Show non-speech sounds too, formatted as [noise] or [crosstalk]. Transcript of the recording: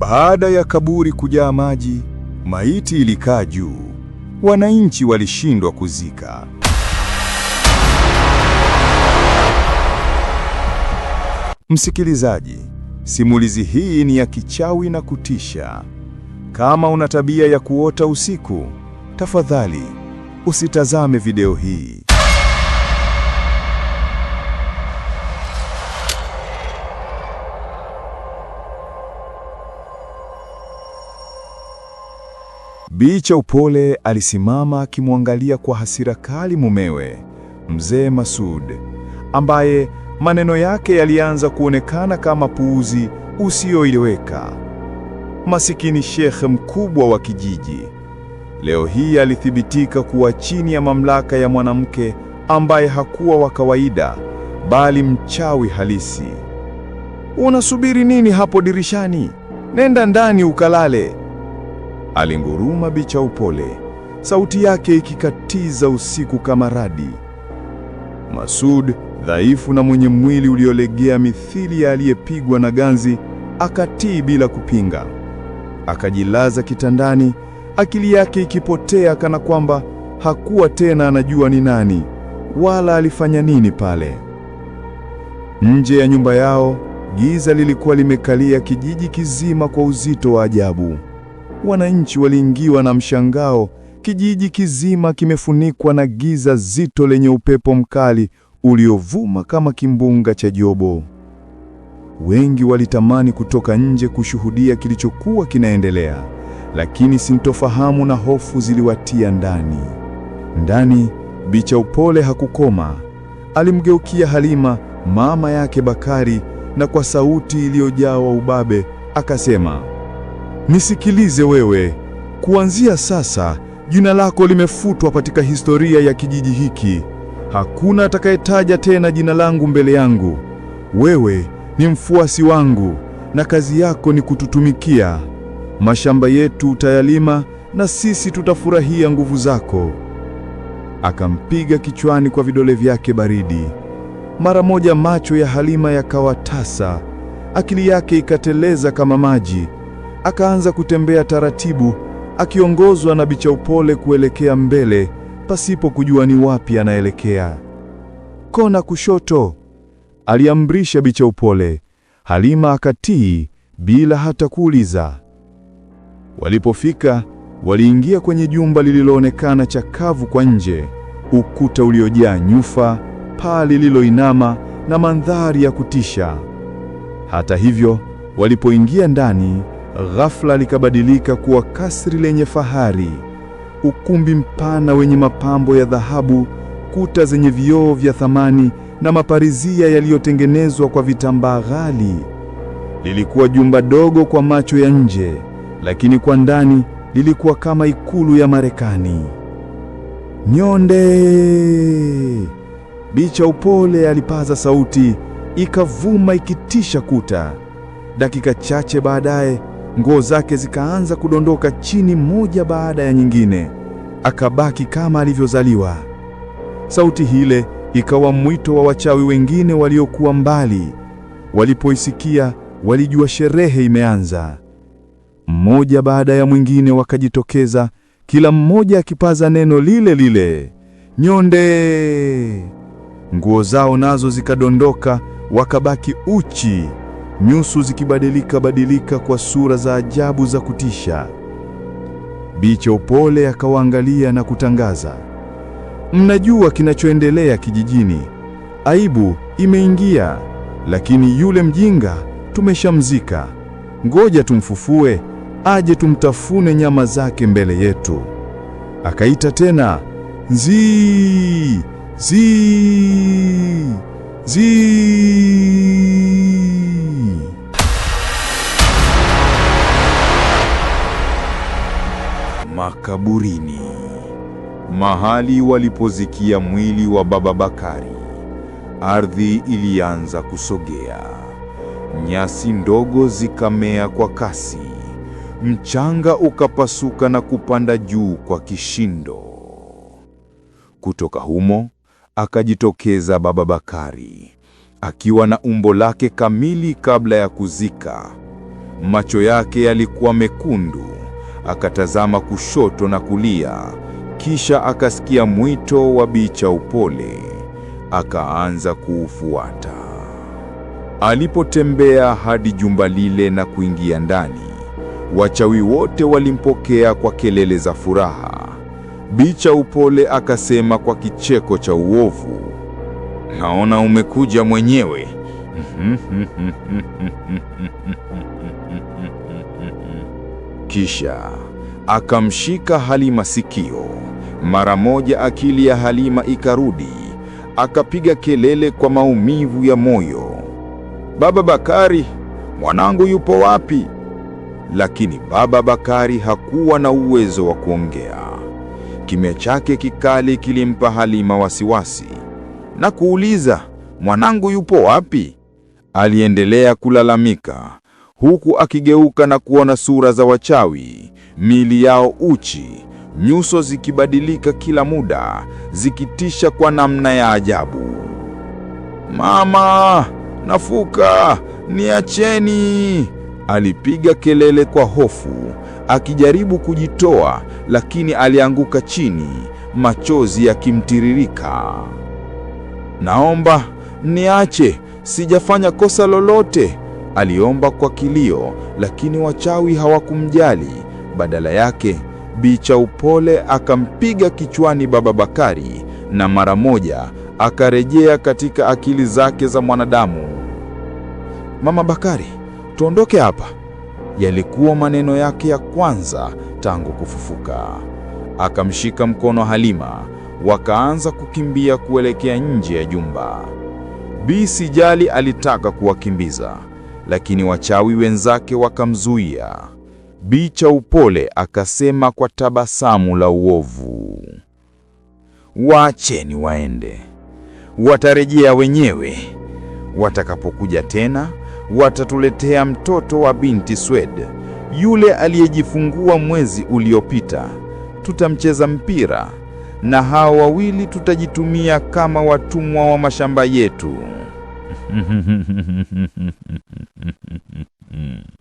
Baada ya kaburi kujaa maji, maiti ilikaa juu. Wananchi walishindwa kuzika. Msikilizaji, simulizi hii ni ya kichawi na kutisha. Kama una tabia ya kuota usiku, tafadhali usitazame video hii. Bi Chaupole alisimama akimwangalia kwa hasira kali mumewe, Mzee Masud, ambaye maneno yake yalianza kuonekana kama puuzi usioeleweka. Masikini shekhe mkubwa wa kijiji, leo hii alithibitika kuwa chini ya mamlaka ya mwanamke ambaye hakuwa wa kawaida, bali mchawi halisi. Unasubiri nini hapo dirishani? Nenda ndani ukalale. Alinguruma bicha upole, sauti yake ikikatiza usiku kama radi. Masud, dhaifu na mwenye mwili uliolegea mithili ya aliyepigwa na ganzi, akatii bila kupinga. Akajilaza kitandani, akili yake ikipotea kana kwamba hakuwa tena anajua ni nani wala alifanya nini pale. Nje ya nyumba yao giza lilikuwa limekalia kijiji kizima kwa uzito wa ajabu. Wananchi waliingiwa na mshangao. Kijiji kizima kimefunikwa na giza zito lenye upepo mkali uliovuma kama kimbunga cha jobo. Wengi walitamani kutoka nje kushuhudia kilichokuwa kinaendelea, lakini sintofahamu na hofu ziliwatia ndani. Ndani, bicha upole hakukoma. Alimgeukia Halima, mama yake Bakari, na kwa sauti iliyojawa ubabe akasema: Nisikilize wewe, kuanzia sasa jina lako limefutwa katika historia ya kijiji hiki. Hakuna atakayetaja tena jina langu mbele yangu. Wewe ni mfuasi wangu na kazi yako ni kututumikia. Mashamba yetu utayalima na sisi tutafurahia nguvu zako. Akampiga kichwani kwa vidole vyake baridi. Mara moja macho ya Halima yakawatasa, akili yake ikateleza kama maji akaanza kutembea taratibu akiongozwa na Bicha Upole kuelekea mbele pasipo kujua ni wapi anaelekea. Kona kushoto, aliamrisha Bicha Upole. Halima akatii bila hata kuuliza. Walipofika, waliingia kwenye jumba lililoonekana chakavu kwa nje, ukuta uliojaa nyufa, paa lililoinama na mandhari ya kutisha. Hata hivyo, walipoingia ndani ghafla likabadilika kuwa kasri lenye fahari, ukumbi mpana wenye mapambo ya dhahabu, kuta zenye vioo vya thamani na maparizia yaliyotengenezwa kwa vitambaa ghali. Lilikuwa jumba dogo kwa macho ya nje, lakini kwa ndani lilikuwa kama ikulu ya Marekani. Nyonde! Bicha upole alipaza sauti, ikavuma ikitisha kuta. Dakika chache baadaye Nguo zake zikaanza kudondoka chini moja baada ya nyingine, akabaki kama alivyozaliwa. Sauti hile ikawa mwito wa wachawi wengine waliokuwa mbali. Walipoisikia walijua sherehe imeanza. Mmoja baada ya mwingine wakajitokeza, kila mmoja akipaza neno lile lile, nyonde. Nguo zao nazo zikadondoka, wakabaki uchi nyuso zikibadilika badilika kwa sura za ajabu za kutisha. Bicha upole akawaangalia na kutangaza, mnajua kinachoendelea kijijini, aibu imeingia, lakini yule mjinga tumeshamzika. Ngoja tumfufue aje tumtafune nyama zake mbele yetu. Akaita tena zii zii zii. makaburini, mahali walipozikia mwili wa baba Bakari. Ardhi ilianza kusogea, nyasi ndogo zikamea kwa kasi, mchanga ukapasuka na kupanda juu kwa kishindo. Kutoka humo akajitokeza baba Bakari akiwa na umbo lake kamili kabla ya kuzika. Macho yake yalikuwa mekundu, akatazama kushoto na kulia, kisha akasikia mwito wa bicha upole akaanza kuufuata. Alipotembea hadi jumba lile na kuingia ndani, wachawi wote walimpokea kwa kelele za furaha. bicha upole akasema kwa kicheko cha uovu, naona umekuja mwenyewe. [laughs] Kisha akamshika Halima sikio. Mara moja akili ya Halima ikarudi, akapiga kelele kwa maumivu ya moyo, Baba Bakari, mwanangu yupo wapi? Lakini Baba Bakari hakuwa na uwezo wa kuongea. Kimya chake kikali kilimpa Halima wasiwasi na kuuliza, mwanangu yupo wapi? Aliendelea kulalamika huku akigeuka na kuona sura za wachawi, mili yao uchi, nyuso zikibadilika kila muda, zikitisha kwa namna ya ajabu. Mama, nafuka, niacheni! Alipiga kelele kwa hofu, akijaribu kujitoa, lakini alianguka chini, machozi yakimtiririka. Naomba niache sijafanya kosa lolote, Aliomba kwa kilio, lakini wachawi hawakumjali. Badala yake, Bicha Upole akampiga kichwani Baba Bakari na mara moja akarejea katika akili zake za mwanadamu. Mama Bakari, tuondoke hapa, yalikuwa maneno yake ya kwanza tangu kufufuka. Akamshika mkono Halima, wakaanza kukimbia kuelekea nje ya jumba. Bi Sijali alitaka kuwakimbiza lakini wachawi wenzake wakamzuia. bicha upole akasema kwa tabasamu la uovu, waacheni waende, watarejea wenyewe. Watakapokuja tena watatuletea mtoto wa binti Swed yule aliyejifungua mwezi uliopita. Tutamcheza mpira na hao wawili tutajitumia kama watumwa wa mashamba yetu. mm-hmm [laughs]